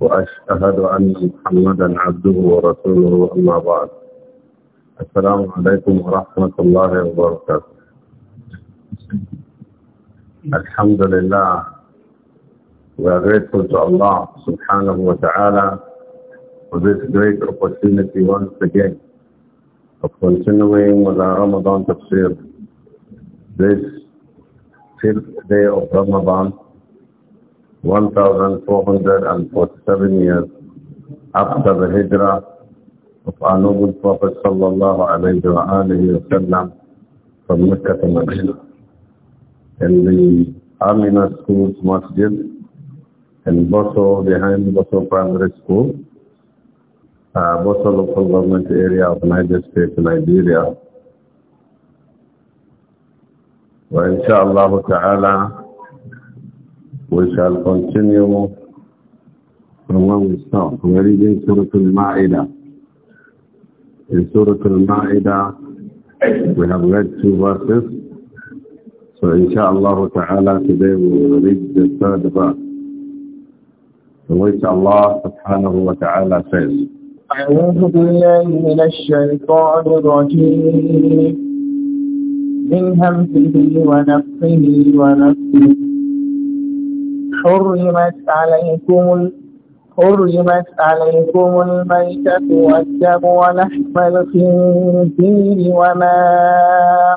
وأشهد أن محمدا عبده ورسوله أما بعد السلام عليكم ورحمة الله وبركاته الحمد لله We are grateful to Allah subhanahu wa ta'ala for this great opportunity once again of continuing with our Ramadan tafsir. This fifth day of Ramadan, 1,447 years after the hijrah of our noble Prophet sallallahu alayhi wa alayhi wa sallam from Mecca to Medina. In the Amina Schools Masjid in Boso, behind Boso Primary School, uh, Boso local government area of United States, Nigeria. Wa inshallah ta'ala, we shall continue from where we stopped. We are reading Surah Al-Ma'idah. In Surah Al-Ma'idah, we have read two verses. So inshaAllah ta'ala today we will read the third verse. In which Allah subhanahu wa ta'ala says, أعوذ بالله من الشيطان الرجيم من همزه ونفخه ونفخه حرمت عليكم حرمت عليكم الميتة والدم ولحم الخنزير وما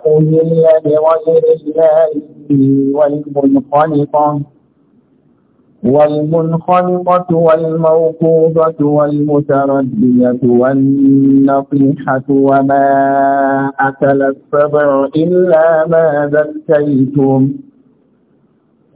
أهل لغير الله والمنخنقة والمنخنقة والموقوفة والمتردية والنطيحة وما أكل السبع إلا ما ذكيتم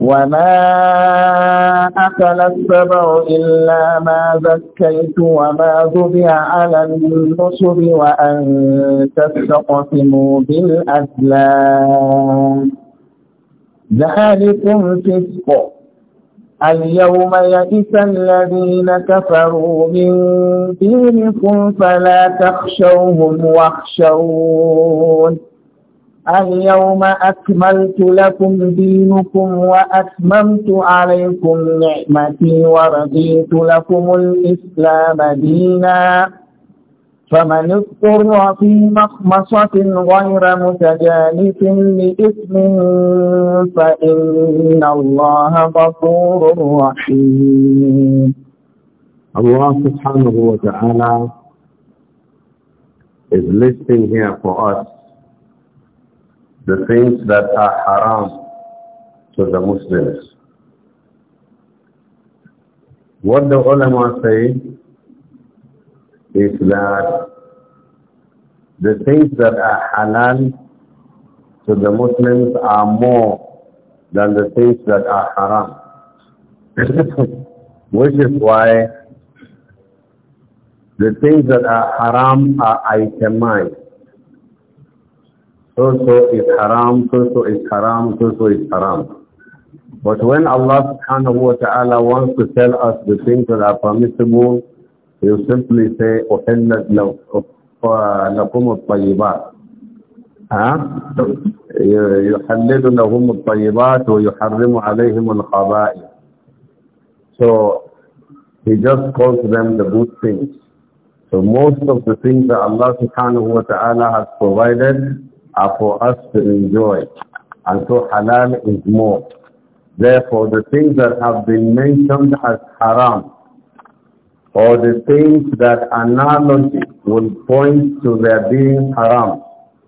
وما أكل السبع إلا ما ذكيت وما ذبع على النصب وأن تستقسموا بالأزلام ذلكم فسق اليوم يئس الذين كفروا من دينكم فلا تخشوهم واخشون اليوم أكملت لكم دينكم وأتممت عليكم نعمتي ورضيت لكم الإسلام دينا فمن اضطر في مخمصة غير متجانف لإثم فإن الله غفور رحيم الله سبحانه وتعالى is listing here for us the things that are haram to the Muslims. What the ulama say is that the things that are halal to the Muslims are more than the things that are haram. Which is why the things that are haram are itemized so-so is haram, so-so is haram, so-so is haram. But when Allah subhanahu wa ta'ala wants to tell us the things that are permissible, you simply say, أُحِلَّتْ لَكُمُ الطَّيِّبَاتِ يحلل لهم الطيبات ويحرم عليهم الخبائث so he just calls them the good things so most of the things that Allah subhanahu wa ta'ala has provided are for us to enjoy. And so halal is more. Therefore, the things that have been mentioned as haram, or the things that analogy will point to their being haram,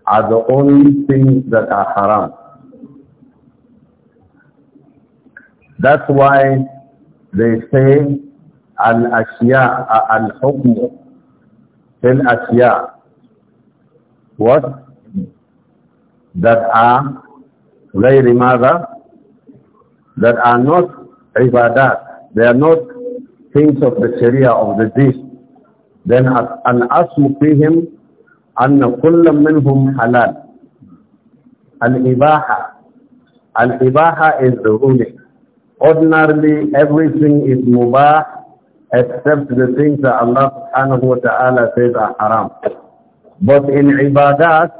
are the only things that are haram. That's why they say al-ashya, al-hukm, al ashya What? that are غير ماذا that are not ibadat they are not things of the sharia of the deen then an asmu fihim anna kullam minhum halal al-ibaha al-ibaha is the ruling ordinarily everything is mubah except the things that Allah subhanahu wa ta'ala says are haram but in ibadat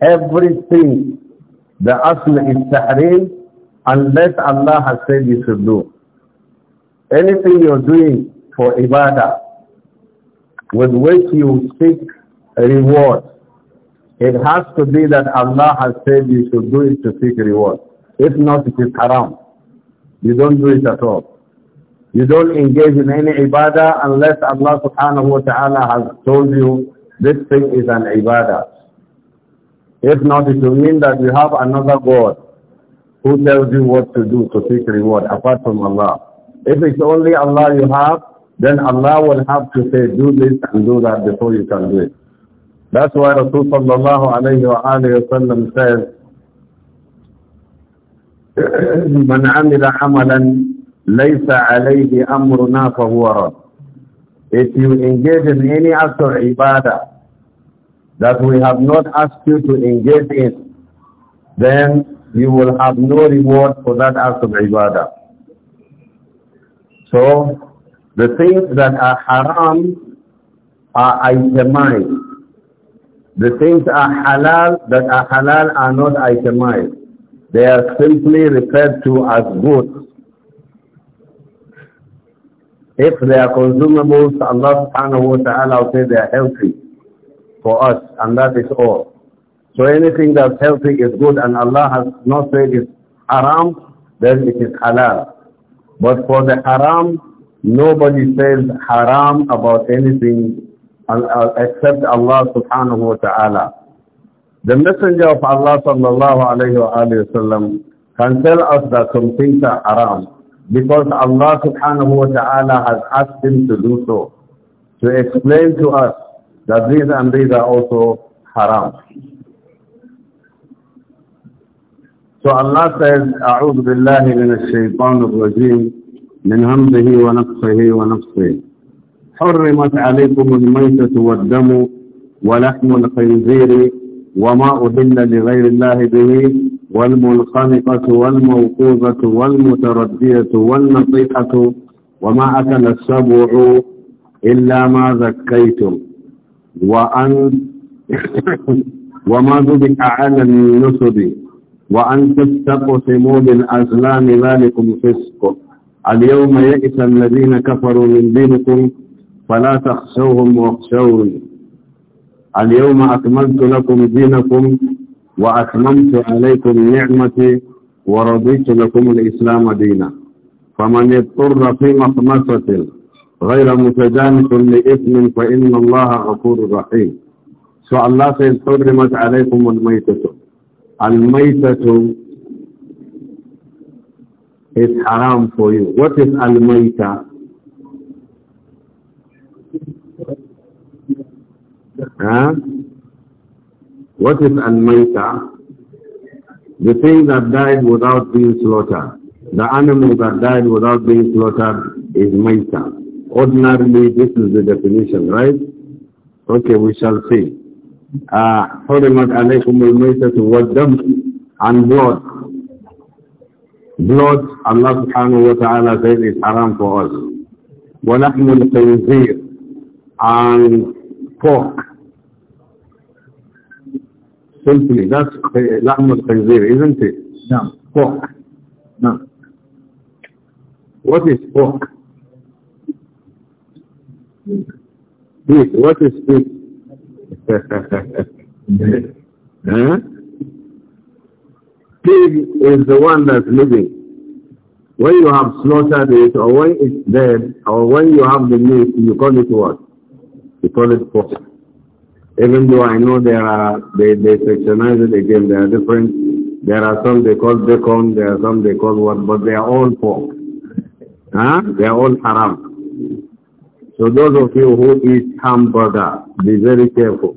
Everything, the asl is tahrim unless Allah has said you should do. Anything you're doing for ibadah with which you seek reward, it has to be that Allah has said you should do it to seek reward. If not, it is haram. You don't do it at all. You don't engage in any ibadah unless Allah subhanahu wa ta'ala has told you this thing is an ibadah. If not, it will mean that you have another God who tells you what to do to seek reward apart from Allah. If it's only Allah you have, then Allah will have to say, do this and do that before you can do it. That's why Rasul sallallahu alayhi wa alayhi wa sallam says, من عمل عملا ليس عليه أمرنا فهو رد. If you engage in any act of ibadah that we have not asked you to engage in, then you will have no reward for that act of ibadah. So, the things that are haram are itemized. The things are halal that are halal are not itemized. They are simply referred to as goods. If they are consumables, Allah subhanahu wa ta'ala will say they are healthy for us, and that is all. So anything that's healthy is good, and Allah has not said it's haram, then it is halal. But for the haram, nobody says haram about anything uh, except Allah subhanahu wa ta'ala. The messenger of Allah sallallahu alayhi wa, alayhi sallam, can tell us that some things are haram because Allah subhanahu wa ta'ala has asked him to do so, to explain to us That these and these are also haram. So Allah says, أعوذ بالله من الشيطان الرجيم من همزه ونفسه ونفسه حرمت عليكم الميتة والدم ولحم الخنزير وما أهل لغير الله به والمنخنقة والموقوذة والمتردية والنطيحة وما أكل السبع إلا ما ذكيتم وأن وما ذبح على النسب وأن تستقسموا بالأزلام ذلكم فسق اليوم يئس الذين كفروا من دينكم فلا تخشوهم واخشوني اليوم أكملت لكم دينكم وأتممت عليكم نعمتي ورضيت لكم الإسلام دينا فمن اضطر في مخمسة غير متجانس لإثم فإن الله غفور رحيم So Allah says, حرمت عليكم الميته الميتة is haram for you. What is Al-Maita? Huh? What is Al-Maita? The thing that died without being slaughtered. The animal that died without being slaughtered is Maita. Ordinarily, this is the definition, right? Okay, we shall see. حرمت عليكم الميتة them and blood. Blood, Allah subhanahu wa ta'ala says is haram for us. ولحم الخنزير and pork. Simply, that's لحم الخنزير, isn't it? No. Pork. No. What is pork? Speak. What is speak? huh? Pig is the one that's living. When you have slaughtered it, or when it's dead, or when you have the meat, you call it what? You call it pork. Even though I know there are, they, they sectionize it again, there are different, there are some they call bacon, there are some they call what, but they are all pork. Huh? They are all haram. So those of you who eat hamburger, be very careful.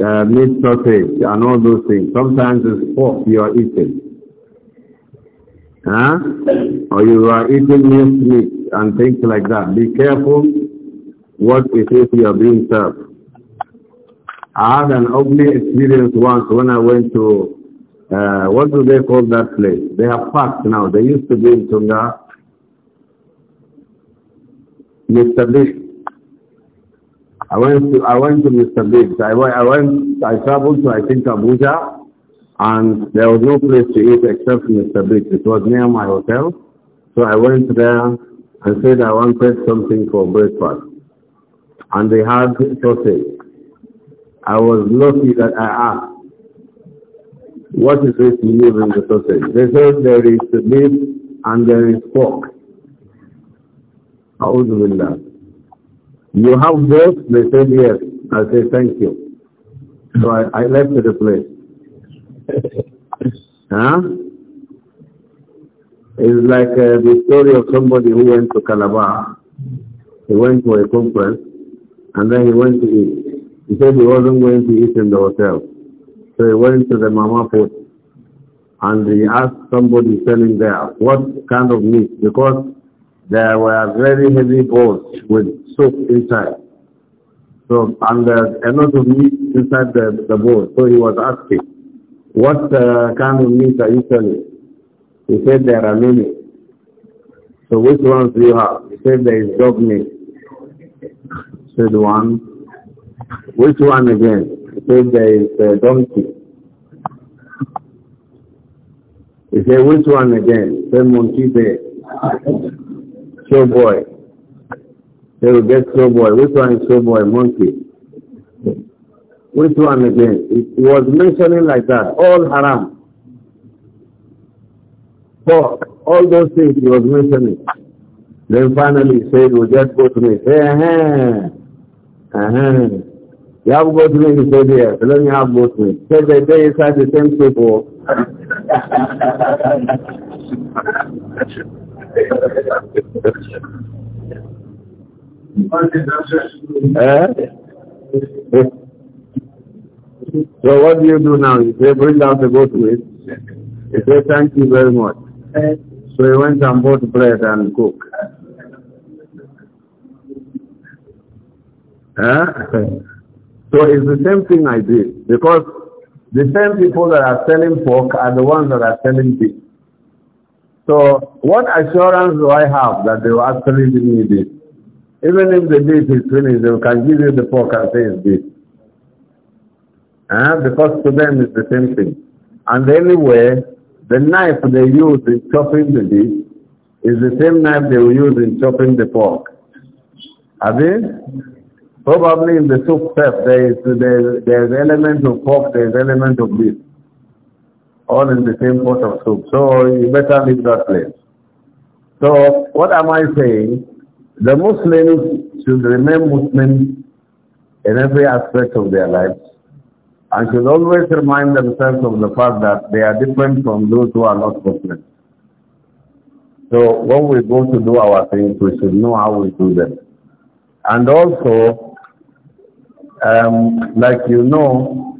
Uh, meat sausage and all those things. Sometimes it's pork you are eating. Huh? Or you are eating meat meat and things like that. Be careful what it is you are being served. I had an ugly experience once when I went to, uh, what do they call that place? They are parks now. They used to be in Tunga Mr. Big. I went to I went to Mr. Big's. I went I went I traveled to I think Abuja and there was no place to eat except Mr. Big's. It was near my hotel. So I went there and said I wanted something for breakfast. And they had sausage. I was lucky that I asked what is this you in the sausage? They said there is beef and there is pork. A'udhu Billah. You have both? They said yes. I say thank you. So I, I left the place. huh? It's like uh, the story of somebody who went to Calabar. He went for a conference and then he went to eat. He said he wasn't going to eat in the hotel. So he went to the mama food and he asked somebody selling there, what kind of meat? Because there were very heavy boats with soup inside. So, and there's a lot of meat inside the, the bowl. So he was asking, what uh, kind of meat are you selling? He said, there are many. So which ones do you have? He said, there is dog meat. said one. Which one again? He said, there is uh, donkey. He said, which one again? He said, monkey bear. Showboy, boy. They will get showboy. boy. Which one is showboy, boy? Monkey. Which one again? It, was mentioning like that. All haram. Pork. All those things he was mentioning. Then finally he said, we just go to me. Say, uh-huh. Uh-huh. You have go to me, he said, yes. Let me have go to me. Said they day inside the same table. So what do you do now? You say, bring out the goat with. He said, thank you very much. So he went and bought bread and cook. Huh? So it's the same thing I did because the same people that are selling pork are the ones that are selling beef. So what assurance do I have that they will actually need it? this? Even if the date is finished, they can give you the pork and say it's this. Uh, because to them it's the same thing. And anyway, the knife they use in chopping the beef is the same knife they will use in chopping the pork. Have you? Probably in the soup step there is there there is element of pork, there is element of beef all in the same pot of soup. So you better leave that place. So what am I saying? The Muslims should remain Muslim in every aspect of their lives and should always remind themselves of the fact that they are different from those who are not Muslims. So when we go to do our things, we should know how we do them. And also, um, like you know,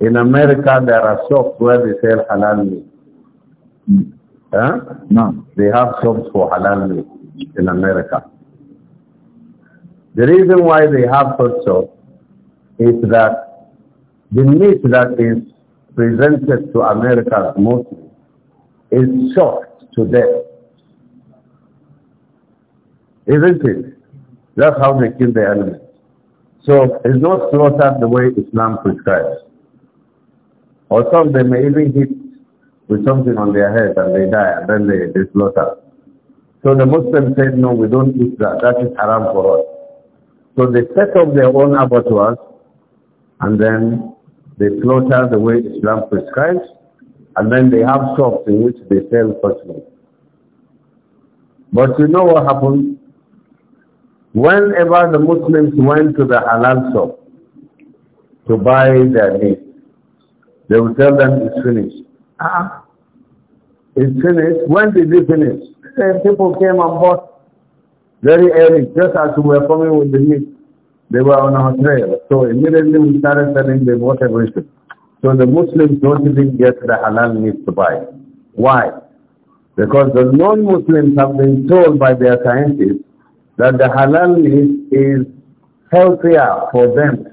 in America, there are shops where they sell halal meat. Mm. Huh? No. They have shops for halal meat in America. The reason why they have such shops is that the meat that is presented to Americans mostly is shocked to death. Isn't it? That's how they kill the animals. So it's not slaughtered the way Islam prescribes. Or some they may even hit with something on their head and they die and then they, they slaughter. So the Muslims said, no, we don't eat that. That is haram for us. So they set up their own abattoirs and then they slaughter the way Islam prescribes and then they have shops in which they sell such meat. But you know what happened? Whenever the Muslims went to the halal shop to buy their meat, they will tell them it's finished. Ah, it's finished. When did it finish? Say people came and bought very early, just as we were coming with the meat. They were on our trail. So immediately we started selling, the bought everything. So the Muslims don't even get the halal meat to buy. Why? Because the non-Muslims have been told by their scientists that the halal meat is healthier for them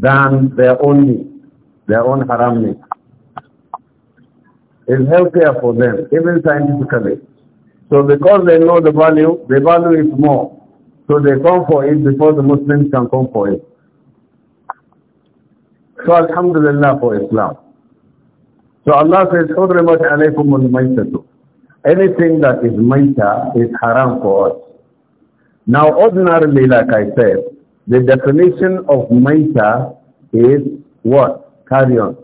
than their own meat their own haram meat. It's healthier for them, even scientifically. So because they know the value, they value it more. So they come for it before the Muslims can come for it. So Alhamdulillah for Islam. So Allah says, حُرِّمَتْ عَلَيْكُمُ الْمَيْتَةُ Anything that is maita is haram for us. Now ordinarily, like I said, the definition of maita is what? Carry on.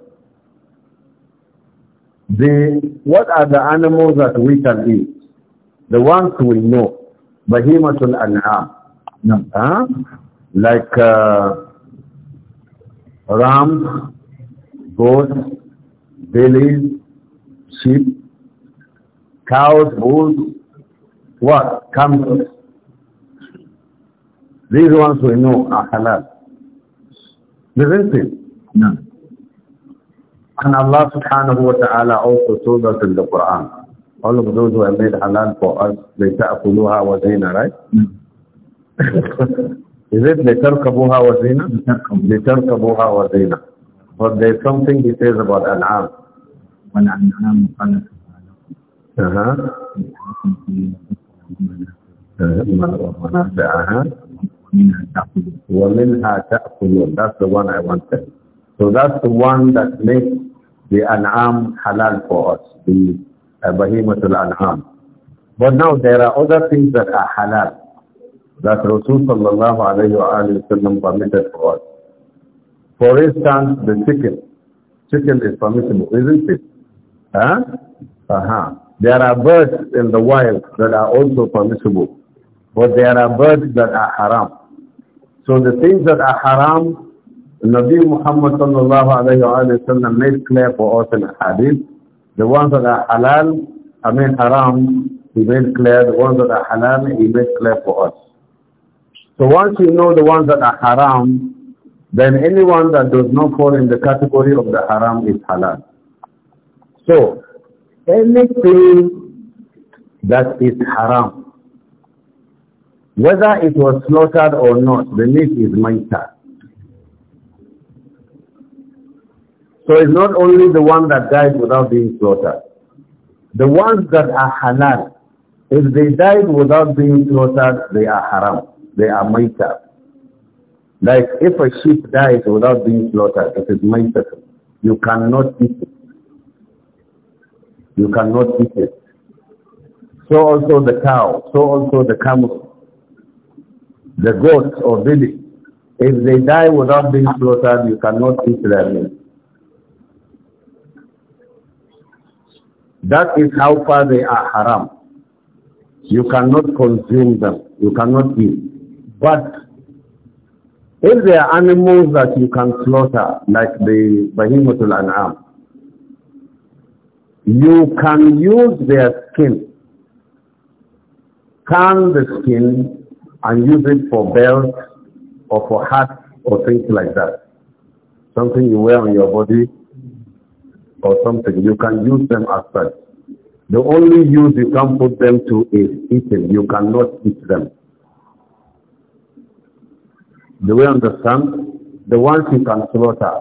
The, what are the animals that we can eat? The ones we know. Bahimatul an'am. No. Huh? Like uh, rams, goats, bellies, sheep, cows, bulls, what? Camels. These ones we know are halal. Isn't No. And Allah subhanahu wa ta'ala also told us in the Quran, all of those who have made halal for us, they ta'akuluha wa zina, right? Hmm. Is it they tarkabuha wa zina? They tarkabuha wa zina. But there's something he says about an'am. Uh-huh. Uh-huh. huh That's the one I wanted. So that's the one that makes the an'am halal for us, the uh, bahimatul an'am. But now there are other things that are halal that Rasul sallallahu alayhi wa sallam permitted for us. For instance, the chicken. Chicken is permissible, isn't it? Huh? Uh-huh. There are birds in the wild that are also permissible, but there are birds that are haram. So the things that are haram Nabi Muhammad sallallahu alayhi wa sallam made clear for us in hadith, the ones that are halal, I mean haram, he made clear, the ones that are halal, he made clear for us. So once you know the ones that are haram, then anyone that does not fall in the category of the haram is halal. So, anything that is haram, whether it was slaughtered or not, the meat is maitah. So it's not only the one that died without being slaughtered. The ones that are halal, if they died without being slaughtered, they are haram. They are maita. Like if a sheep dies without being slaughtered, it is maita. You cannot eat it. You cannot eat it. So also the cow, so also the camel, the goat or billy. If they die without being slaughtered, you cannot eat their meat. That is how far they are haram. You cannot consume them. You cannot eat. But if there are animals that you can slaughter, like the Bahimatul An'am, you can use their skin, tan the skin and use it for belts or for hats or things like that. Something you wear on your body or something, you can use them as such. The only use you can put them to is eating. You cannot eat them. Do we understand? The ones you can slaughter.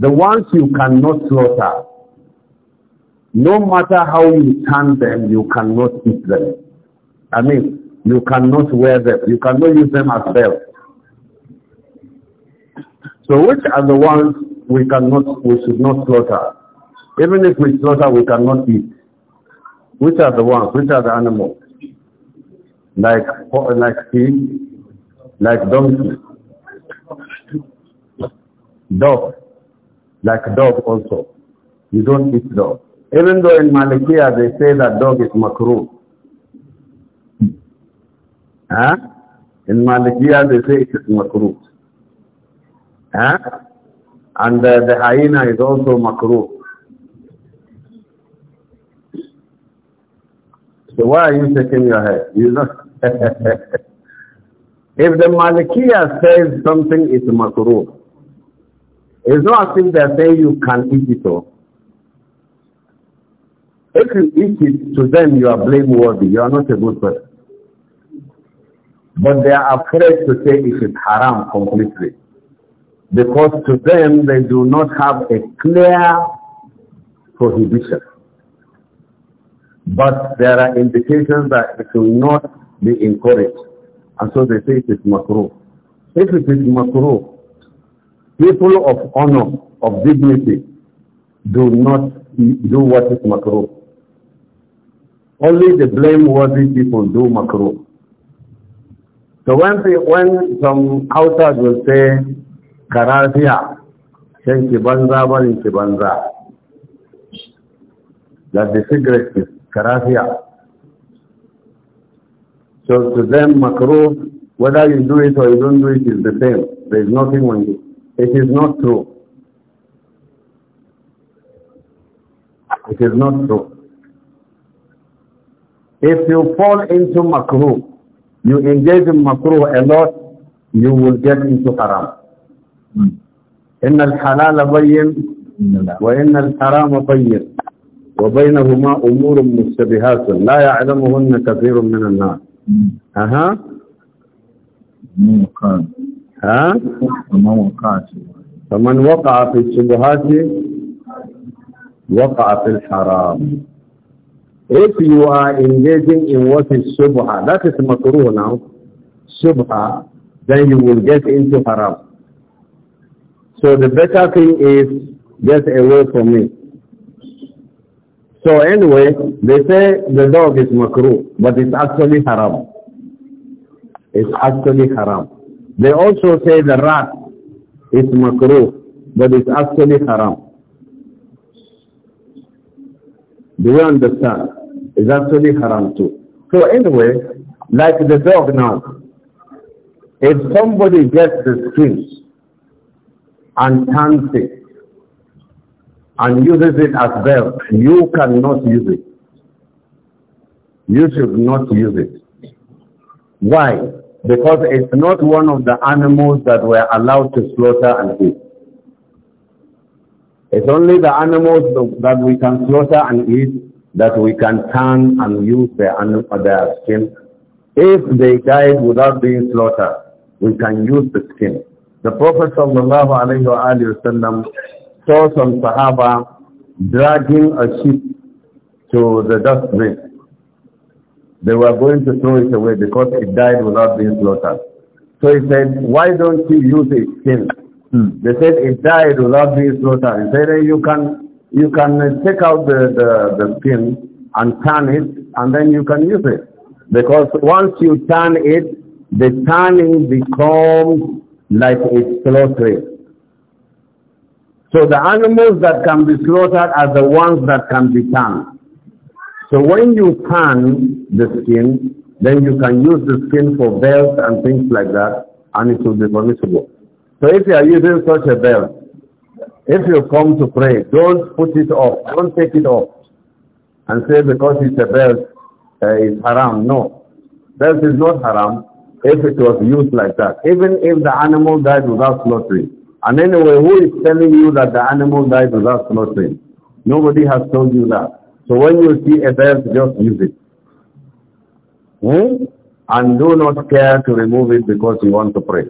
The ones you cannot slaughter. No matter how you turn them, you cannot eat them. I mean, you cannot wear them. You cannot use them as belts. So which are the ones we cannot, we should not slaughter? Even if we slaughter, we cannot eat. Which are the ones? Which are the animals? Like like pig, like donkey, dog, like dog also. You don't eat dog. Even though in Malikiya they say that dog is makruh. Huh? In Malikiya they say it is makruh. Huh? And uh, the hyena is also makruh. So why are you shaking your head? You know. if the Malikiya says something is makruh, it's not as if they're saying you can eat it all. If you eat it, to them you are blameworthy. You are not a good person. But they are afraid to say it is haram completely. Because to them, they do not have a clear prohibition. But there are indications that it will not be encouraged. And so they say it is makruh. If it is makruh, people of honor, of dignity, do not do what is makruh. Only the blameworthy people do makruh. So when, they, when some outsiders will say, Karazia, Shenki Banza, Barinki Banza, that the cigarette is karafia. So to them, makruh, whether you do it or you don't do it is the same. There is nothing on you. It is not true. It is not true. If you fall into makruh, you engage in makruh a lot, you will get into haram. Hmm. إن wa inna al الحرام بين وبينهما أمور مشتبهات لا يعلمهن كثير من الناس أها ها فمن وقع في الشبهات وقع في الحرام If you are engaging in what is subha that is makruh now, subha then you will get into haram. So the better thing is get away from it. So anyway, they say the dog is makruh, but it's actually haram. It's actually haram. They also say the rat is makruh, but it's actually haram. Do you understand? It's actually haram too. So anyway, like the dog now, if somebody gets the skin and turns it, and uses it as verb, you cannot use it. You should not use it. Why? Because it's not one of the animals that were allowed to slaughter and eat. It's only the animals that we can slaughter and eat that we can tan and use their, their skin. If they died without being slaughtered, we can use the skin. The Prophet saw some Sahaba dragging a sheep to the dustbin. They were going to throw it away because it died without being slaughtered. So he said, why don't you use its skin? Hmm. They said it died without being slaughtered. He said, hey, you can, you can take out the, the, the skin and tan it and then you can use it. Because once you tan it, the tanning becomes like a slaughtering. So the animals that can be slaughtered are the ones that can be tanned. So when you tan the skin, then you can use the skin for belts and things like that, and it will be permissible. So if you are using such a belt, if you come to pray, don't put it off, don't take it off, and say because it's a belt, uh, it's haram. No, belt is not haram if it was used like that, even if the animal died without slaughtering. And anyway, who is telling you that the animal died without slaughtering? Nobody has told you that. So when you see a bird, just use it. Hmm? And do not care to remove it because you want to pray.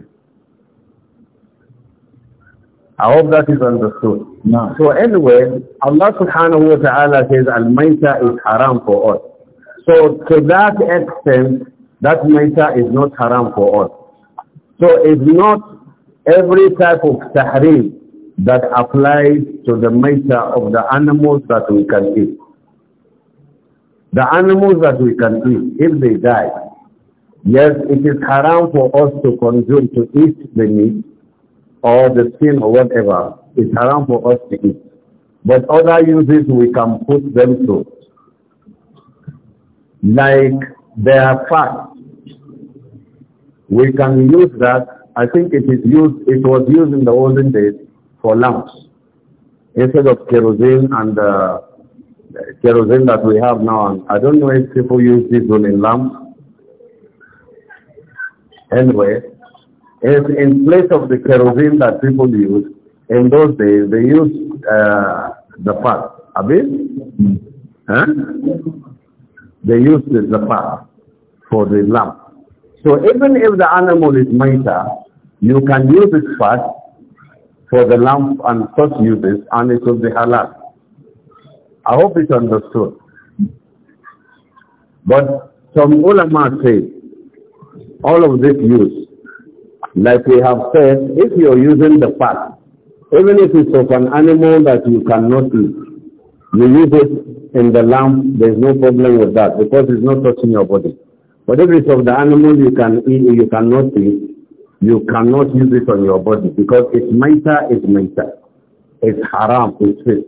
I hope that is understood. No. So anyway, Allah subhanahu wa ta'ala says Al-Maita is haram for us. So to that extent, that Maita is not haram for us. So it's not every type of tahrim that applies to the matter of the animals that we can eat. The animals that we can eat, if they die, yes, it is haram for us to consume, to eat the meat or the skin or whatever. It's haram for us to eat. But other uses we can put them to. Like their fat. We can use that I think it is used, it was used in the olden days for lamps. Instead of kerosene and uh, kerosene that we have now, I don't know if people use this one in lamps. Anyway, if in place of the kerosene that people use, in those days they used uh, the fat. Abid? Mm. Huh? They used the fat for the lamp. So even if the animal is maita, you can use this fat for the lamp and such uses and it will be halal. I hope it's understood. But some ulama say all of this use, like we have said, if you're using the fat, even if it's of an animal that you cannot eat, you use it in the lamp, there's no problem with that because it's not touching your body. But if it's of the animal you can eat, you cannot eat, you cannot use it on your body because it's maita, it's maita. It's haram, it's fit.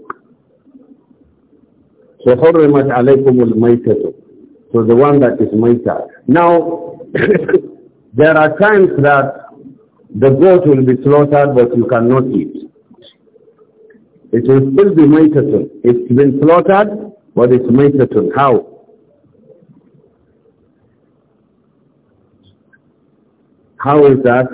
So حرمت عليكم الميتة. So the one that is maita. Now, there are times that the goat will be slaughtered but you cannot eat. It will still be maitatun. It's been slaughtered but it's maitatun. How? How is that?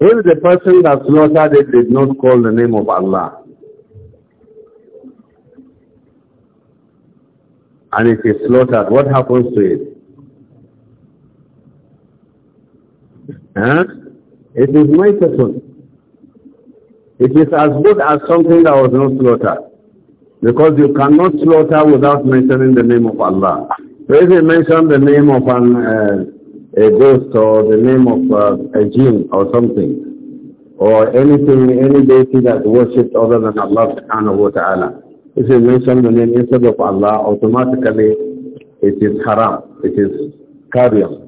If the person that slaughtered it did not call the name of Allah, and if he slaughtered, what happens to it? Huh? It is my person. It is as good as something that was not slaughtered. Because you cannot slaughter without mentioning the name of Allah. So if you mention the name of an, uh, a ghost or the name of uh, a jinn or something, or anything, any deity that worshipped other than Allah subhanahu wa ta'ala, if you mention the name instead of Allah, automatically it is haram, it is carrion.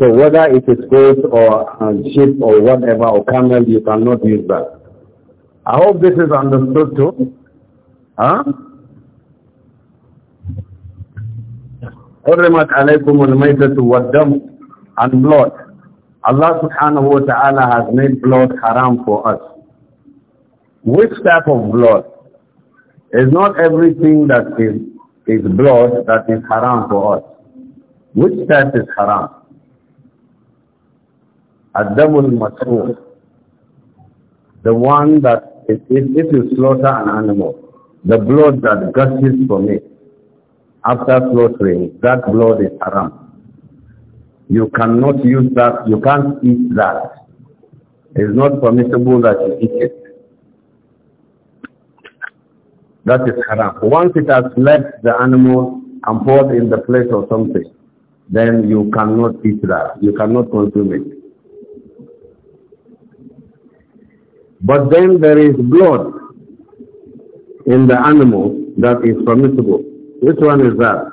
So whether it is goat or uh, sheep or whatever or camel, you cannot use that. I hope this is understood too. Huh? حرمت عليكم الميتة والدم and blood. Allah subhanahu wa ta'ala has made blood haram for us. Which type of blood? It's not everything that is, is blood that is haram for us. Which type is haram? Ad-damul The one that if, if, you slaughter an animal, the blood that gushes from it after slaughtering, that blood is haram. You cannot use that, you can't eat that. It's not permissible that you eat it. That is haram. Once it has left the animal and poured in the place or something, then you cannot eat that. You cannot consume it. But then there is blood in the animal that is permissible. Which one is that?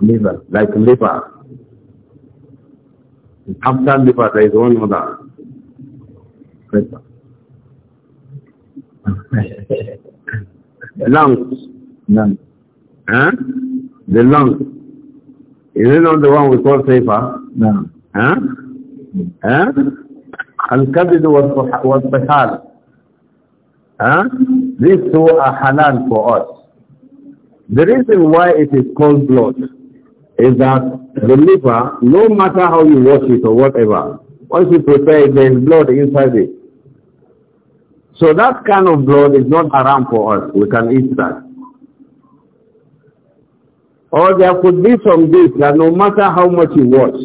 Liver, like liver. After liver, there is one other. Liver. lungs. Lungs. Huh? The lungs. Is it not the one we call safer? No. Huh? ها الكبد والطحال ها these two are halal for us the reason why it is called blood is that the liver no matter how you wash it or whatever once you prepare it there is blood inside it so that kind of blood is not haram for us we can eat that or there could be some dish that no matter how much you wash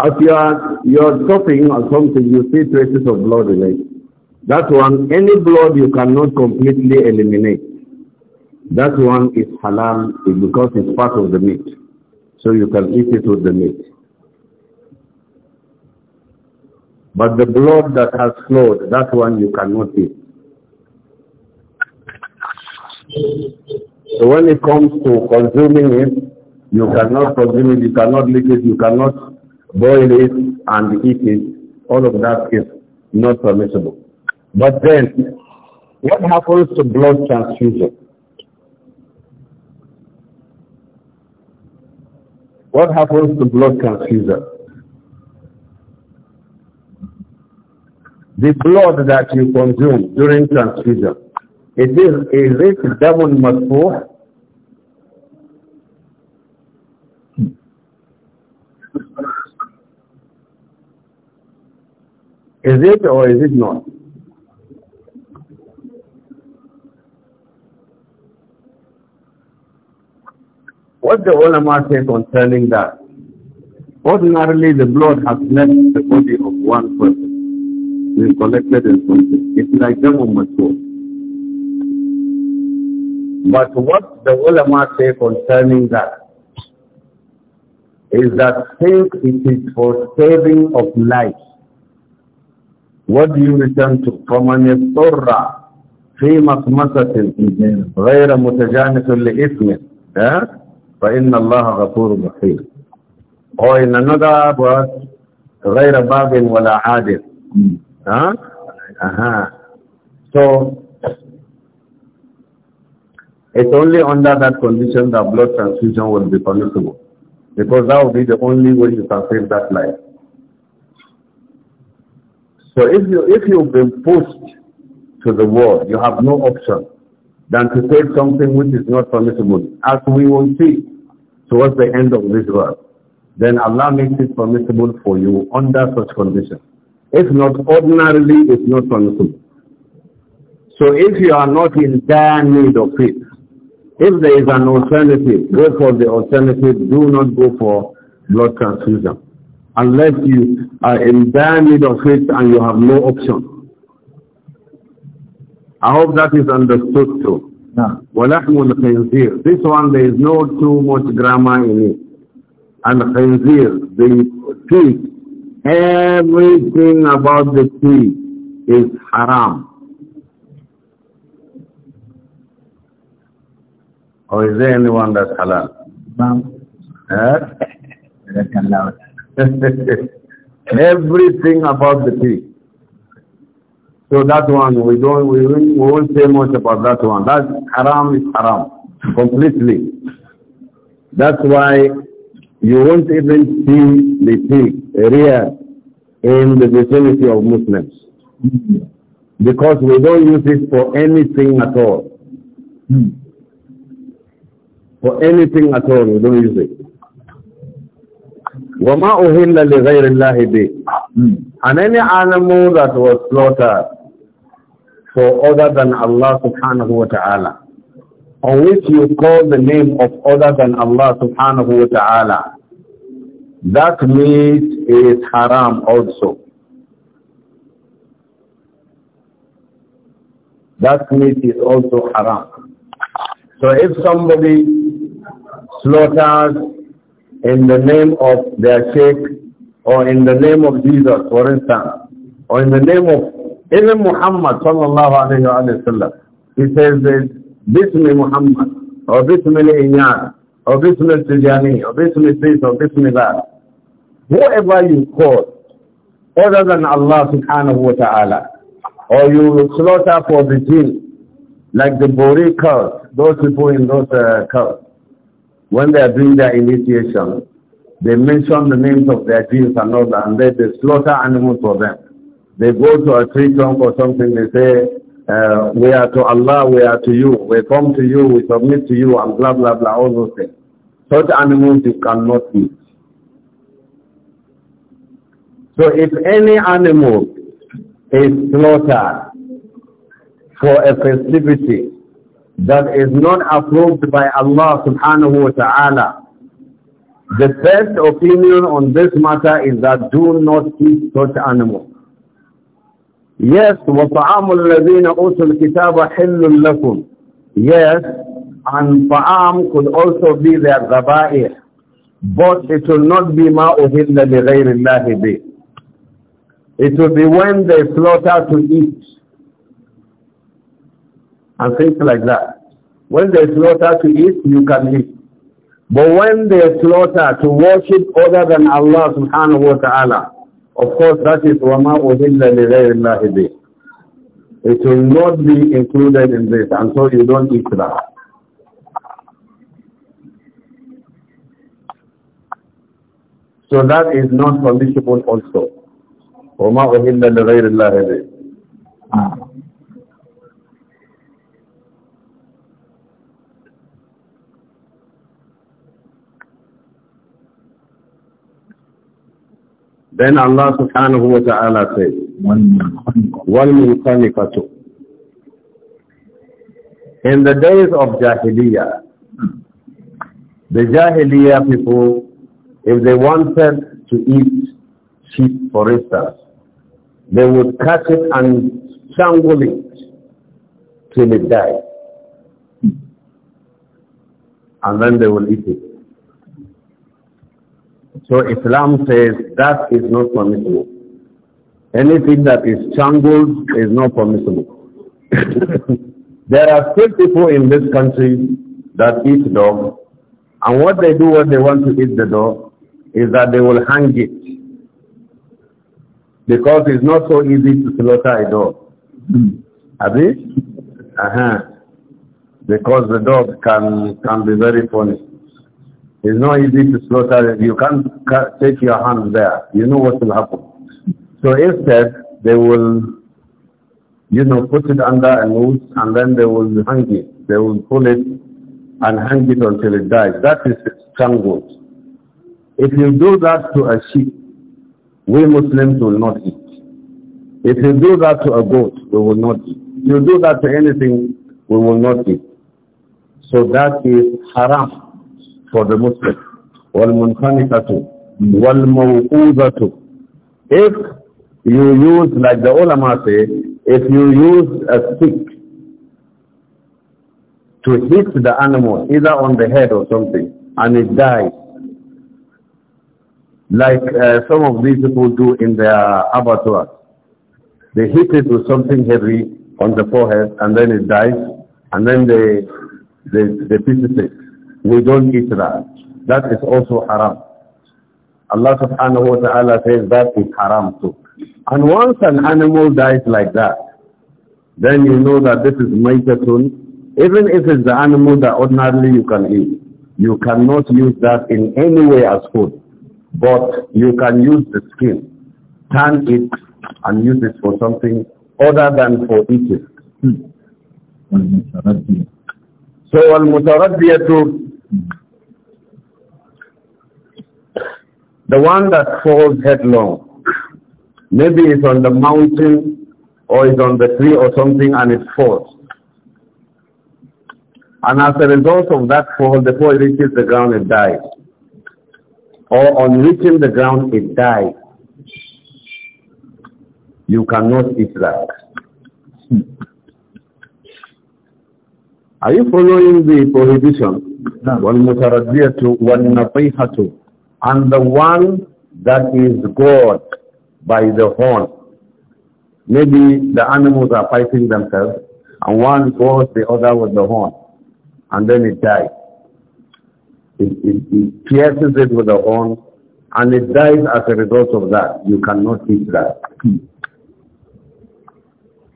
as you are you're chopping or something, you see traces of blood in it. That one, any blood you cannot completely eliminate. That one is halal because it's part of the meat. So you can eat it with the meat. But the blood that has flowed, that one you cannot eat. So when it comes to consuming it, you cannot consume it, you cannot lick it, you cannot boil it and eat it, all of that is not permissible. But then, what happens to blood transfusion? What happens to blood transfusion? The blood that you consume during transfusion, it is, is it must matfuh Is it or is it not? What the ulama say concerning that? Ordinarily, the blood has left the body of one person, been collected and something. It's like Jamu soul. But what the ulama say concerning that is that since it is for saving of life, what do you return to? فَمَنْ يَضْطُرَّ فِي مَقْمَسَةٍ غَيْرَ مُتَجَانِفٍ لِإِثْمٍ فَإِنَّ اللَّهَ غَفُورٌ رَحِيمٌ Or in another verse, غَيْرَ بَابٍ وَلَا عَادٍ So, it's only under that condition that blood transfusion will be permissible. Because that will be the only way you can save that life. So if you if you've been pushed to the wall, you have no option than to take something which is not permissible, as we will see towards the end of this world, Then Allah makes it permissible for you under such conditions. If not, ordinarily it's not permissible. So if you are not in dire need of it, if there is an alternative, go for the alternative. Do not go for blood transfusion unless you are in dire need of it and you have no option. I hope that is understood too. وَلَحْمُ الْخِنْزِيرِ This one there is no too much grammar in it. And khinzir, the pig, everything about the sea is haram. Or is there anyone that's halal? Ma'am. Eh? Everything about the tree. So that one, we don't, we, we won't say much about that one. That haram is haram, completely. That's why you won't even see the tree rear in the vicinity of Muslims. Because we don't use it for anything at all. For anything at all, we don't use it. وَمَا أُهِلَّ لِغَيْرِ اللَّهِ بِهِ hmm. And any animal that was slaughtered for other than Allah subhanahu wa ta'ala, on which you call the name of other than Allah subhanahu wa ta'ala, that meat is haram also. That meat is also haram. So if somebody slaughters in the name of their sheikh or in the name of Jesus, for instance, or in the name of even Muhammad sallallahu alayhi wa sallam. He says this, Bismi Muhammad, or Bismi Inyar, or Bismi Tijani, or Bismi this, or Bismi that. Whoever you call, other than Allah subhanahu wa ta'ala, or you slaughter for the jinn, like the Bori cult, those people in those uh, cults when they are doing their initiation, they mention the names of their deities and all that, and they slaughter animals for them. They go to a tree trunk or something, they say, uh, we are to Allah, we are to you, we come to you, we submit to you, and blah, blah, blah, all those things. Such animals you cannot eat. So if any animal is slaughtered for a festivity, that is not approved by Allah subhanahu wa ta'ala. The best opinion on this matter is that do not eat such animals. Yes, وَطَعَامُ الَّذِينَ أُوتُوا الْكِتَابَ حِلٌّ لَكُمْ Yes, and ta'am could also be their dhaba'ih, but it will not be مَا أُهِلَّ لِغَيْرِ اللَّهِ بِهِ It will be when they slaughter to eat and things like that. When there is slaughter to eat, you can eat. But when they slaughter to worship other than Allah subhanahu wa ta'ala, of course that is وَمَا أُهِلَّ لِغَيْرِ اللَّهِ بِهِ It will not be included in this, and so you don't eat that. So that is not permissible also. وَمَا أُهِلَّ لِغَيْرِ اللَّهِ بِهِ Then Allah subhanahu wa ta'ala says, وَالْمُنْخَلِقَةُ In the days of Jahiliyyah, the Jahiliyyah people, if they wanted to eat sheep, for instance, they would cut it and strangle it till it died. And then they will eat it. So Islam says that is not permissible. Anything that is strangled is not permissible. there are still people in this country that eat dog and what they do when they want to eat the dog is that they will hang it because it's not so easy to slaughter a dog. Have you? Uh-huh. Because the dog can, can be very funny. It's not easy to slaughter. You can't take your hands there. You know what will happen. So instead, they will, you know, put it under a noose and then they will hang it. They will pull it and hang it until it dies. That is strangled. If you do that to a sheep, we Muslims will not eat. If you do that to a goat, we will not eat. If you do that to anything, we will not eat. So that is haram for the Muslim. وَالْمُنْخَنِقَةُ وَالْمَوْقُوذَةُ If you use, like the ulama say, if you use a stick to hit the animal, either on the head or something, and it dies, like uh, some of these people do in their abattoirs. They hit it with something heavy on the forehead, and then it dies, and then they, they, they pieces it. We don't eat that. That is also haram. Allah subhanahu wa ta'ala says that is haram too. And once an animal dies like that, then you know that this is maitatun. Even if it's the animal that ordinarily you can eat, you cannot use that in any way as food. But you can use the skin, tan it, and use it for something other than for eating. Hmm. So al-mutaradiyatu the one that falls headlong, maybe it's on the mountain or it's on the tree or something and it falls. And as a result of that fall, before it reaches the ground, it dies. Or on reaching the ground, it dies. You cannot eat that. Hmm. Are you following the prohibition? وَالْمُتَرَدِّيَةُ وَالنَّطِيحَةُ And the one that is God by the horn. Maybe the animals are fighting themselves and one goes the other with the horn and then it dies. It, it, it pierces it with the horn and it dies as a result of that. You cannot eat that.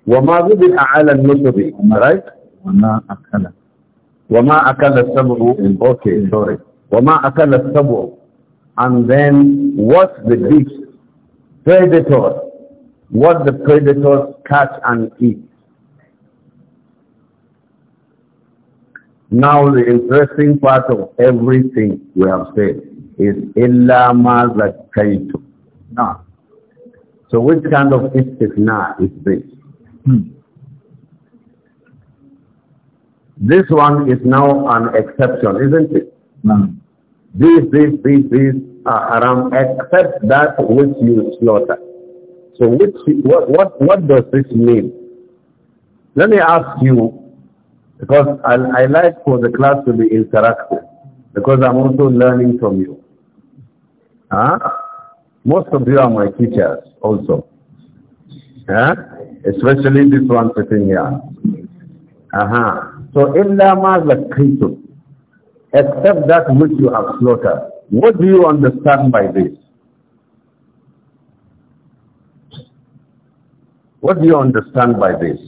وَمَا ذُبِحَ عَلَى النُّصُبِ Right? وَمَا أَكَلَ وَمَا أَكَلَ السَّبْعُ Okay, mm. sorry. وَمَا أَكَلَ السَّبْعُ And then what the beast, predators, what the predators catch and eat. Now the interesting part of everything we have said is إِلَّا مَا ذَكَّيْتُ Now, so which kind of istifna is this? Hmm. This one is now an exception, isn't it? No. Hmm. These, these, these, these are haram except that which you slaughter. So which, what, what, what does this mean? Let me ask you, because I, I like for the class to be interactive, because I'm also learning from you. Huh? Most of you are my teachers also. Huh? Especially this one sitting here. Uh-huh. So إِلَّا مَا ذَكْرِيتُمْ Except that which you have slaughtered. What do you understand by this? What do you understand by this?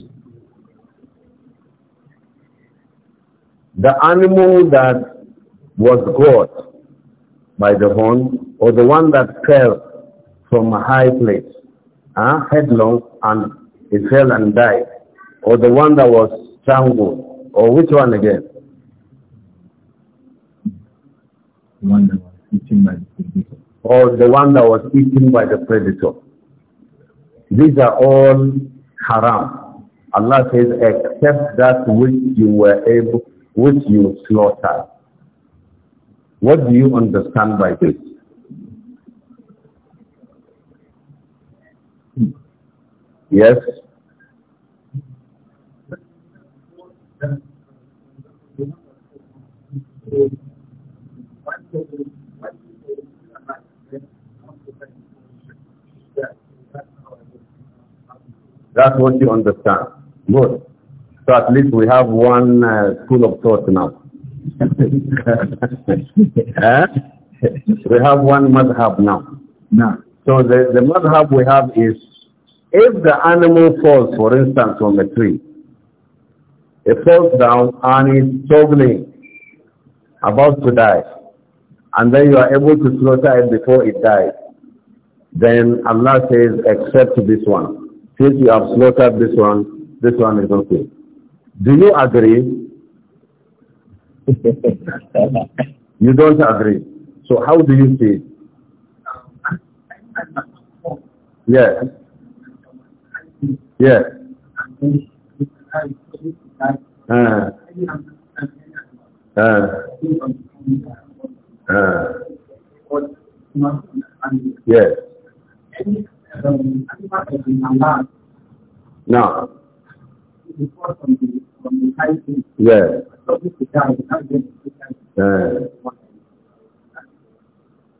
The animal that was caught by the horn or the one that fell from a high place, huh? Ah, headlong, and it fell and died, or the one that was strangled or which one again? The one that was eaten by the predator. Or the one that was eaten by the predator. These are all haram. Allah says, except that which you were able, which you slaughtered. What do you understand by this? Hmm. Yes? That's what you understand. Good. So at least we have one uh, school of thought now. eh? We have one madhab now. Now. So the, the madhab we have is if the animal falls, for instance, from a tree, he falls down and it's struggling, about to die. And then you are able to slaughter it before it dies. Then Allah says, "Accept this one. Since you have slaughtered this one, this one is okay. Do you agree? you don't agree. So how do you see it? Yes. Yes. Yes. Now. Yes. And eh.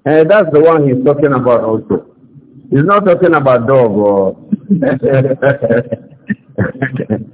eh, that's the one he's talking about also. He's not talking about dog or...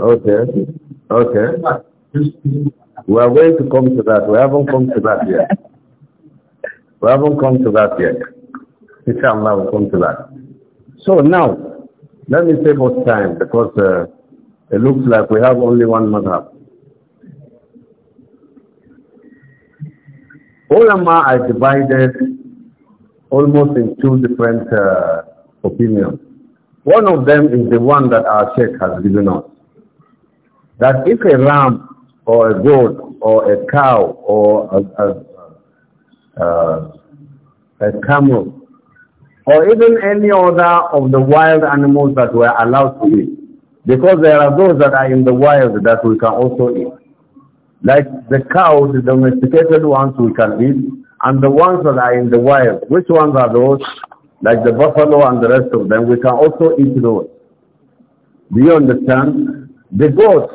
Okay. Okay. We are going to come to that. We haven't come to that yet. We haven't come to that yet. Inshallah, we'll come to that. So now, let me save us time because uh, it looks like we have only one madhab. Ulama are divided almost in two different uh, opinions. One of them is the one that our Sheikh has given us that if a ram or a goat or a cow or a, a, a camel or even any other of the wild animals that were allowed to eat. Because there are those that are in the wild that we can also eat. Like the cows, the domesticated ones we can eat, and the ones that are in the wild. Which ones are those? Like the buffalo and the rest of them, we can also eat those. Do you understand? The goats,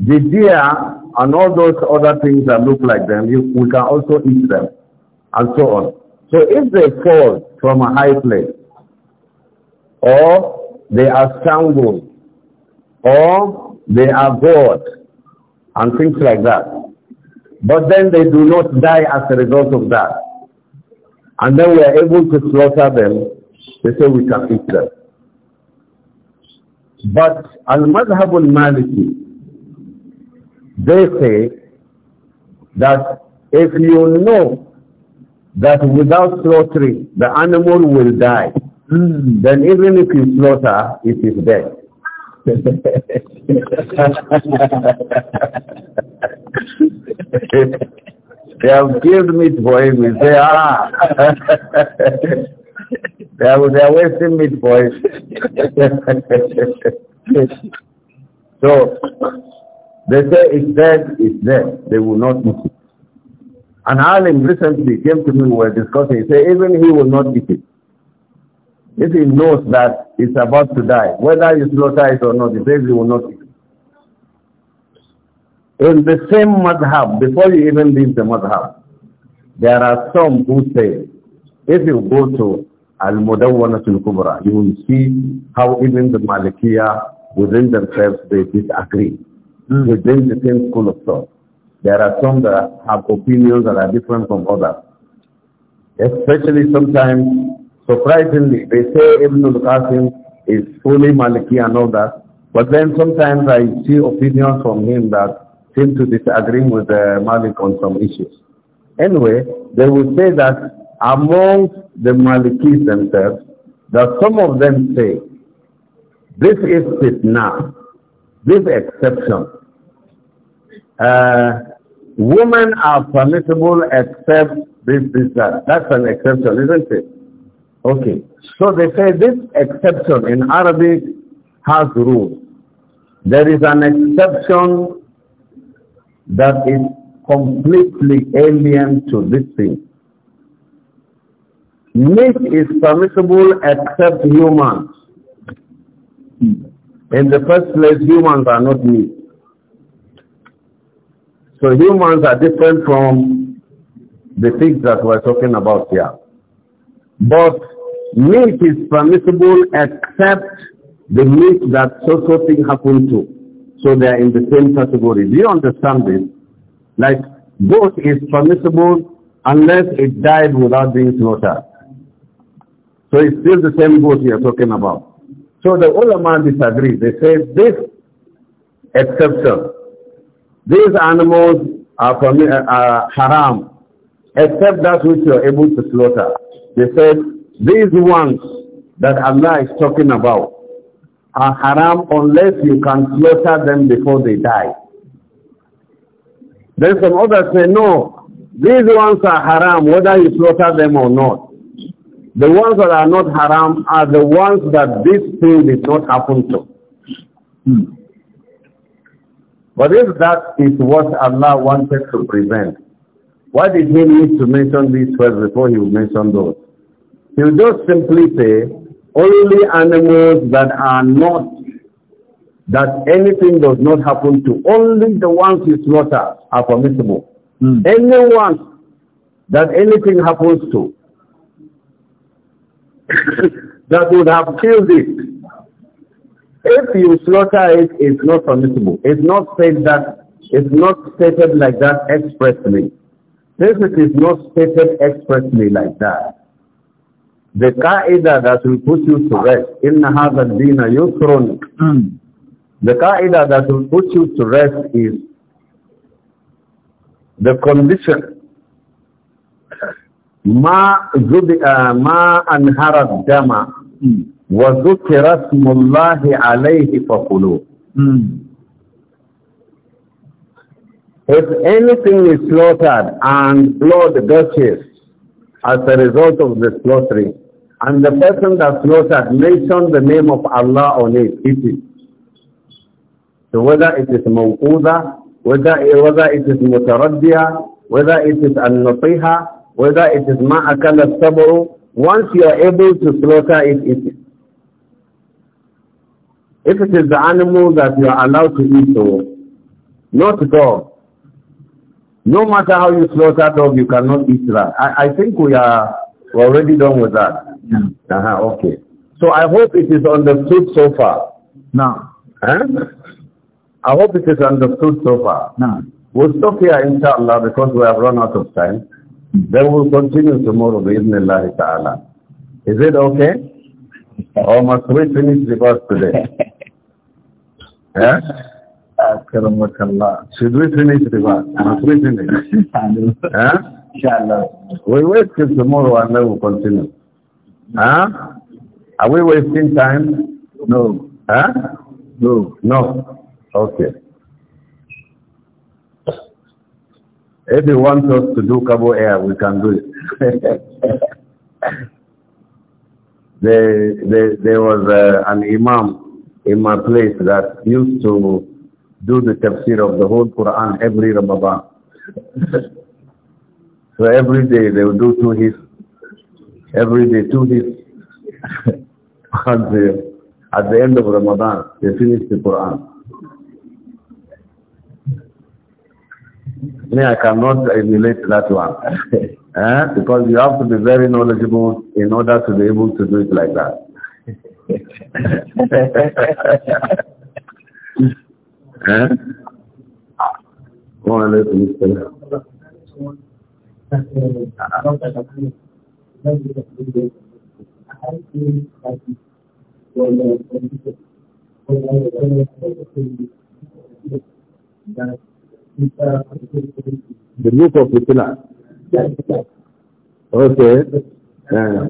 the deer and all those other things that look like them, you, we can also eat them and so on. So if they fall from a high place, or they are strangled, or they are bored, and things like that. But then they do not die as a result of that. And then we are able to slaughter them. They say we can eat them. But Al-Madhab al-Maliki, they say that if you know that without slaughtering the animal will die, hmm. then even if you slaughter, it is dead. they have killed meat for him. We say, ah, they, are, they are wasting meat for him. so they say it's dead, it's dead. They will not eat it. And Alim recently came to me, we were discussing, he said even he will not eat it. If he knows that it's about to die, whether you slaughter it or not, he says he will not eat it. In the same madhab, before you even leave the madhab, there are some who say, if you go to Al-Mudawwanat al-Kubra, you will see how even the Malikiya within themselves, they disagree mm. within the same school of thought. There are some that have opinions that are different from others. Especially sometimes, surprisingly, they say Ibn al-Qasim is fully Maliki and all that, but then sometimes I see opinions from him that seem to disagree with uh, Malik on some issues. Anyway, they would say that amongst the Malikis themselves, that some of them say, this is fitna. This exception. Uh, women are permissible except this, this, that. That's an exception, isn't it? Okay. So they say this exception in Arabic has rules. There is an exception that is completely alien to this thing. Meat is permissible except humans. In the first place, humans are not meat. So humans are different from the things that we're talking about here. But meat is permissible except the meat that so-so thing happened to. So they are in the same category. Do you understand this? Like goat is permissible unless it died without being slaughtered. So it's still the same goat we are talking about. So the ulama disagree. They say this exception, these animals are, from, uh, are haram, except that which you are able to slaughter. They said these ones that Allah is talking about are haram unless you can slaughter them before they die. Then some others say, no, these ones are haram whether you slaughter them or not. The ones that are not haram are the ones that this thing did not happen to. Hmm. But if that is what Allah wanted to prevent, why did he need to mention these first before he would mention those? He would just simply say, only animals that are not, that anything does not happen to, only the ones you slaughter are permissible. Hmm. Anyone that anything happens to, that would have killed it. If you slaughter it, it's not permissible. It's not said that, it's not stated like that expressly. Since it is not stated expressly like that, the qaida that will put you to rest, inna hadha dina yusrun, hmm. the qaida that will put you to rest is the condition ma ma an harar dama wa zukira smullahi alaihi fakulu. If anything is slaughtered and blood gushes as a result of the slaughtering, and the person that slaughtered mentioned the name of Allah on it, it is. So whether it is mawquda, whether, whether it is mutaraddiya, whether it is al-natiha, whether it is ma'akala sabru, once you are able to slaughter it, eat it. If it is the animal that you are allowed to eat, so not dog. No matter how you slaughter dog, you cannot eat that. I, I think we are already done with that. Yeah. Uh -huh, okay. So I hope it is understood so far. Now. Huh? I hope it is understood so far. Now. We'll stop here, inshallah, because we have run out of time. Then we'll continue tomorrow, bi'idhnillahi ta'ala. Is it okay? Or must we finish the verse today? yeah? Eh? Should we finish the verse? Must we finish? yeah? Inshallah. We wait till tomorrow and then we'll continue. Huh? Are we wasting time? No. Huh? No. No. Okay. If he wants us to do Cabo Air, we can do it. there, there, there was uh, an imam in my place that used to do the tafsir of the whole Quran every Ramadan. so every day they would do two his, every day two his. at, the, uh, at the end of Ramadan, they finish the Quran. Me, I cannot relate to that one. eh? Because you have to be very knowledgeable in order to be able to do it like that. eh? Go on, let me say. The book of Islam. Okay. Uh,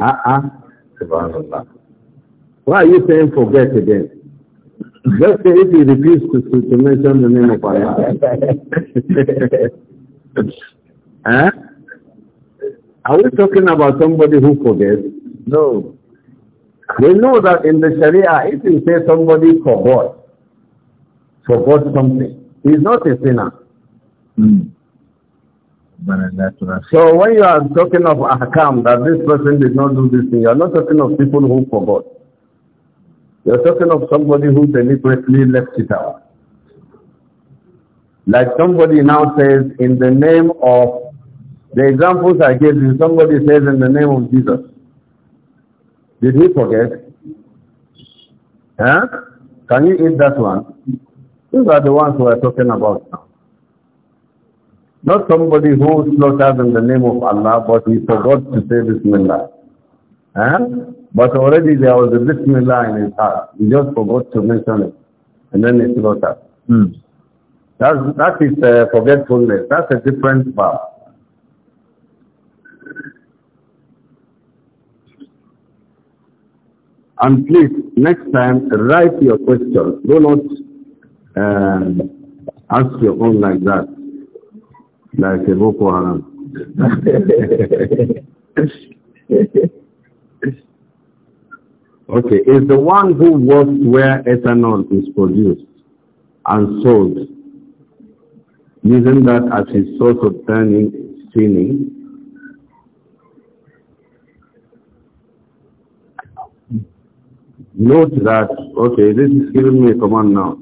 ah. subhanallah. Why are you saying forget again? Just say if he refuses to, to, to mention the name of Allah. huh? Eh? Are we talking about somebody who forgets? No. They know that in the Sharia, if you say somebody forgot, forgot something, he's not a sinner. Mm. So when you are talking of ahkam, that this person did not do this thing, you are not talking of people who forgot. You are talking of somebody who deliberately left it out. Like somebody now says, in the name of, the examples I gave you, somebody says in the name of Jesus. Did we forget? Huh? Can you eat that one? These are the ones we are talking about now. Not somebody who slaughtered in the name of Allah, but he forgot to say Bismillah. Huh? But already there was a Bismillah in his heart. He just forgot to mention it. And then he slaughtered. Hmm. That's, that is uh, forgetfulness. That's a different verb. And please, next time, write your question. Do not um, ask your own like that, like a Boko Haram. okay, is the one who works where ethanol is produced and sold, using that as his source of earning, sinning, note that, okay, this is giving me a command now.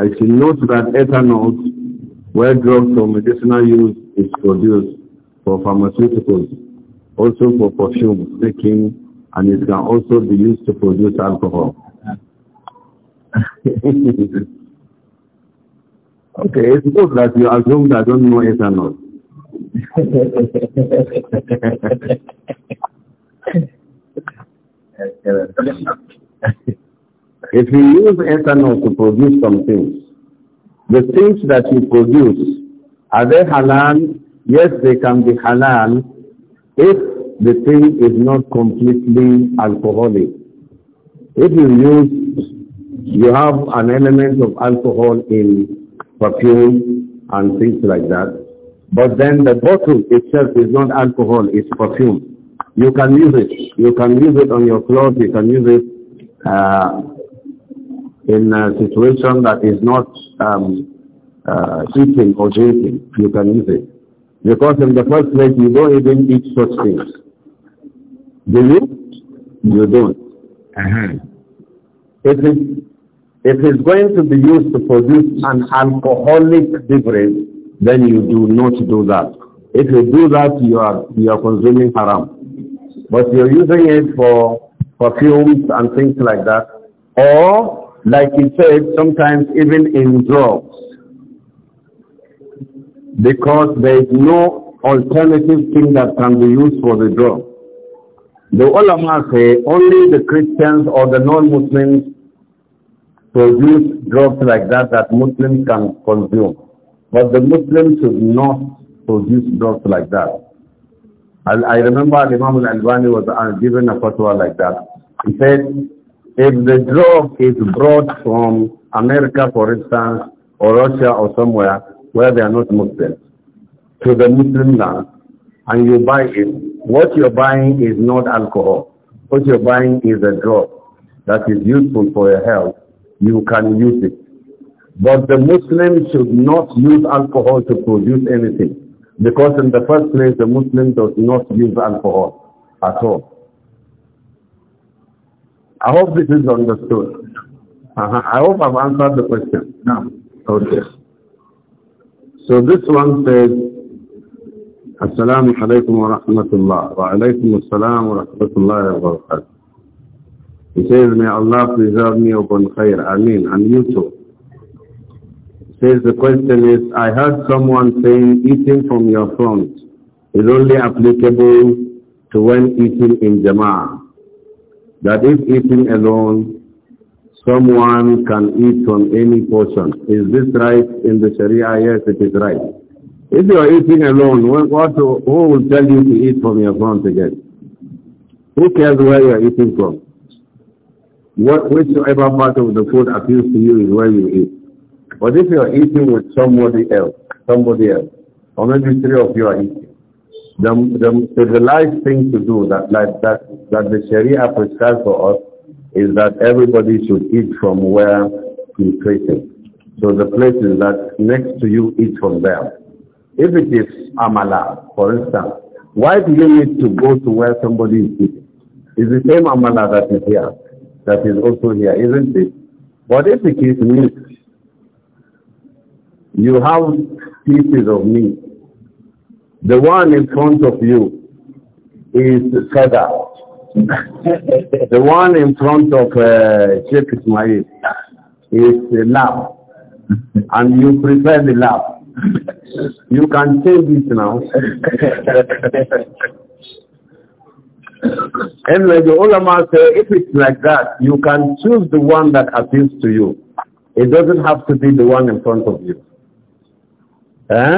I should note that ethanol, where drugs for medicinal use is produced for pharmaceuticals, also for perfume making, and it can also be used to produce alcohol. okay, it's good that you assume I don't know ethanol. if you use ethanol to produce some things, the things that you produce, are they halal? Yes, they can be halal if the thing is not completely alcoholic. If you use, you have an element of alcohol in perfume and things like that, but then the bottle itself is not alcohol, it's perfume. You can use it. You can use it on your clothes, you can use it uh, in a situation that is not um, uh, eating or drinking, you can use it. Because in the first place, you don't even eat such things. Do you? You don't. Uh-huh. If, it, if it's going to be used to produce an alcoholic beverage, then you do not do that. If you do that, you are, you are consuming haram. But you're using it for perfumes and things like that. Or, like he said, sometimes even in drugs. Because there is no alternative thing that can be used for the drug. The ulama say only the Christians or the non-Muslims produce drugs like that that Muslims can consume. But the Muslims should not produce drugs like that. I, I remember Imam al-Albani was uh, given a fatwa like that. He said, if the drug is brought from America, for instance, or Russia or somewhere where they are not Muslims, to the Muslim land, and you buy it, what you're buying is not alcohol. What you're buying is a drug that is useful for your health. You can use it. But the Muslim should not use alcohol to produce anything. Because in the first place, the Muslim does not use alcohol at all. I hope this is understood. Uh -huh. I hope I've answered the question. No. Okay. So this one says, Assalamu alaikum wa rahmatullah. Wa alaikum assalam wa rahmatullahi wa barakatuh. He says, may Allah preserve me upon khair. Ameen. And you too. He says the question is, I heard someone saying eating from your front is only applicable to when eating in jama'ah that if eating alone, someone can eat from any portion. Is this right in the Sharia? Yes, it is right. If you are eating alone, what, who will tell you to eat from your front again? Who cares where you are eating from? What, whichever part of the food appeals to you is where you eat. But if you are eating with somebody else, somebody else, or maybe three of you are eating, the, the, the civilized thing to do that, like, that, that the Sharia prescribes for us is that everybody should eat from where he's facing. So the places that next to you eat from there. If it is amala, for instance, why do you need to go to where somebody is eating? It's the same amala that is here, that is also here, isn't it? But if it is meat, you have pieces of meat the one in front of you is Sada. the one in front of uh, Sheikh Ismail is uh, Lab. and you prefer the Lab. You can say this now. anyway, the ulama say if it's like that, you can choose the one that appeals to you. It doesn't have to be the one in front of you. Eh?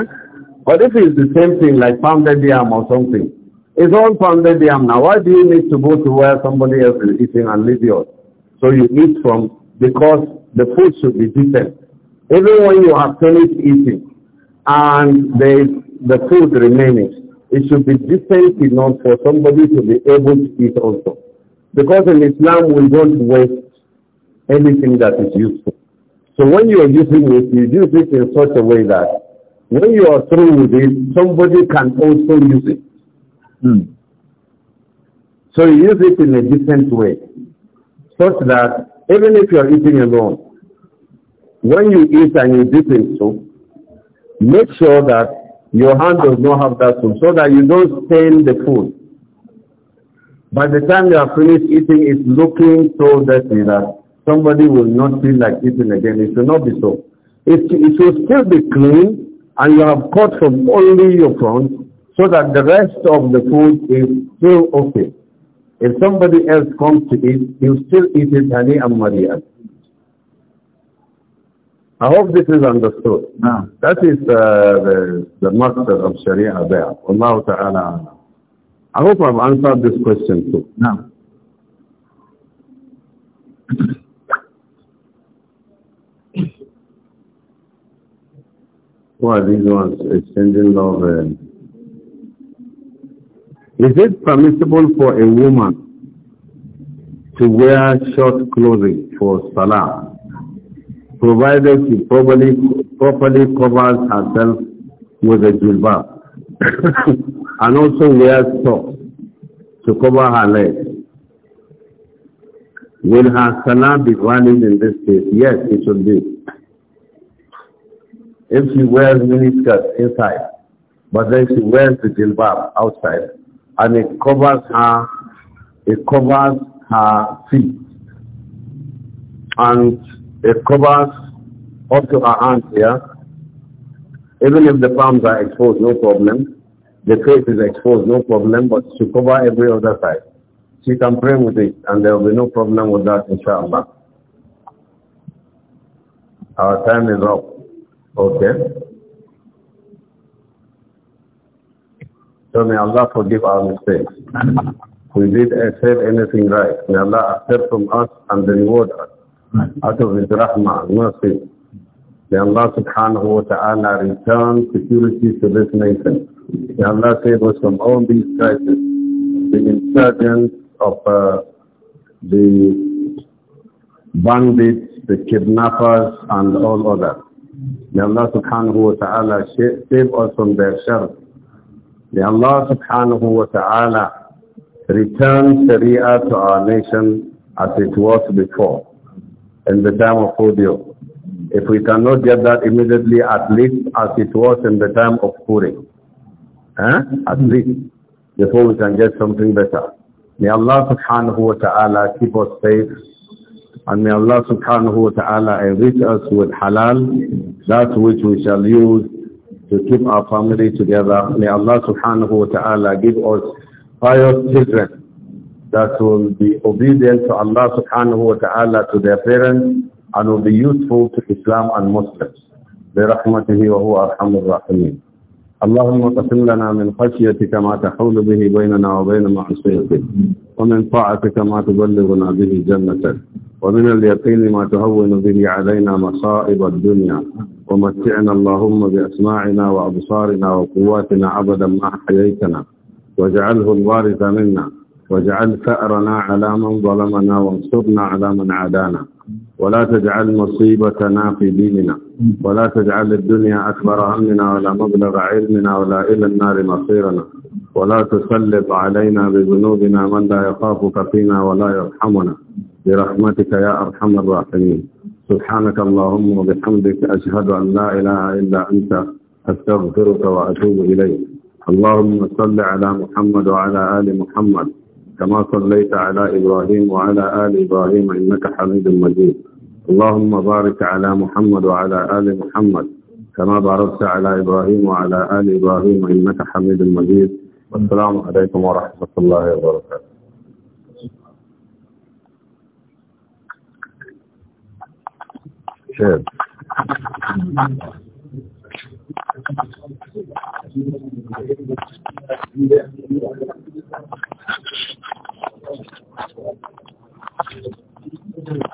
But if it's the same thing like pounded yam or something, it's all pounded yam now. Why do you need to go to where somebody else is eating and leave yours? So you eat from, because the food should be different. Even when you have finished eating and there is the food remaining, it should be different enough for somebody to be able to eat also. Because in Islam, we don't waste anything that is useful. So when you are using it, you use it in such a way that when you are through with it, somebody can also use it. Mm. So you use it in a different way, such that even if you are eating alone, when you eat and you dip in soup, make sure that your hand does not have that soup so that you don't stain the food. By the time you are finished eating, it's looking so dirty that somebody will not feel like eating again. It should not be so. It, it should still be clean, and you have cut from only your front so that the rest of the food is still okay. If somebody else comes to eat, you still eat it Hani and Maria. I hope this is understood. Now, That is uh, the, the master of Sharia there. Allah Ta'ala. I hope I've answered this question too. No. Who are these ones exchanging love? Uh, is it permissible for a woman to wear short clothing for salah, provided she properly, properly covers herself with a jilbab and also wears socks to cover her legs? Will her salah be valid in this case? Yes, it should be if she wears mini skirt inside, but then she wears the jilbab outside, and it covers her, it covers her feet, and it covers up to her hands here. Even if the palms are exposed, no problem. The face is exposed, no problem, but she cover every other side. She can pray with it, and there will be no problem with that, inshallah. Our time is up. Okay. So may Allah forgive our mistakes. We did accept anything right. May Allah accept from us and reward us out of His rahmah, mercy. May Allah subhanahu wa ta'ala return security to this nation. May Allah save us from all these crises. The insurgents of uh, the bandits, the kidnappers and all others. May Allah subhanahu wa ta'ala save us from their shirk. May Allah subhanahu wa ta'ala return Sharia to our nation as it was before in the time of Hudio. If we cannot get that immediately, at least as it was in the time of Puri. Huh? At least before we can get something better. May Allah subhanahu wa ta'ala keep us safe and may Allah subhanahu wa ta'ala enrich us with halal, that which we shall use to keep our family together. May Allah subhanahu wa ta'ala give us pious children that will be obedient to Allah subhanahu wa ta'ala to their parents and will be useful to Islam and Muslims. برحمته وهو أرحم الراحمين اللهم اقسم لنا من خشيتك ما تحول به بيننا وبين معصيتك ومن طاعتك ما تبلغنا به جنتك ومن اليقين ما تهون به علينا مصائب الدنيا ومتعنا اللهم بأسماعنا وأبصارنا وقواتنا عبدا ما أحييتنا واجعله الوارث منا واجعل ثأرنا على من ظلمنا وانصرنا على من عادانا ولا تجعل مصيبتنا في ديننا ولا تجعل الدنيا أكبر همنا ولا مبلغ علمنا ولا إلى النار مصيرنا ولا تسلط علينا بذنوبنا من لا يخافك فينا ولا يرحمنا برحمتك يا أرحم الراحمين سبحانك اللهم وبحمدك أشهد أن لا إله إلا أنت أستغفرك وأتوب إليك اللهم صل على محمد وعلى آل محمد كما صليت على إبراهيم وعلى آل إبراهيم إنك حميد مجيد اللهم بارك على محمد وعلى آل محمد كما باركت على إبراهيم وعلى آل إبراهيم إنك حميد مجيد والسلام عليكم ورحمة الله وبركاته شير. Thank you.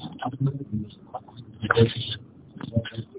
Thank you.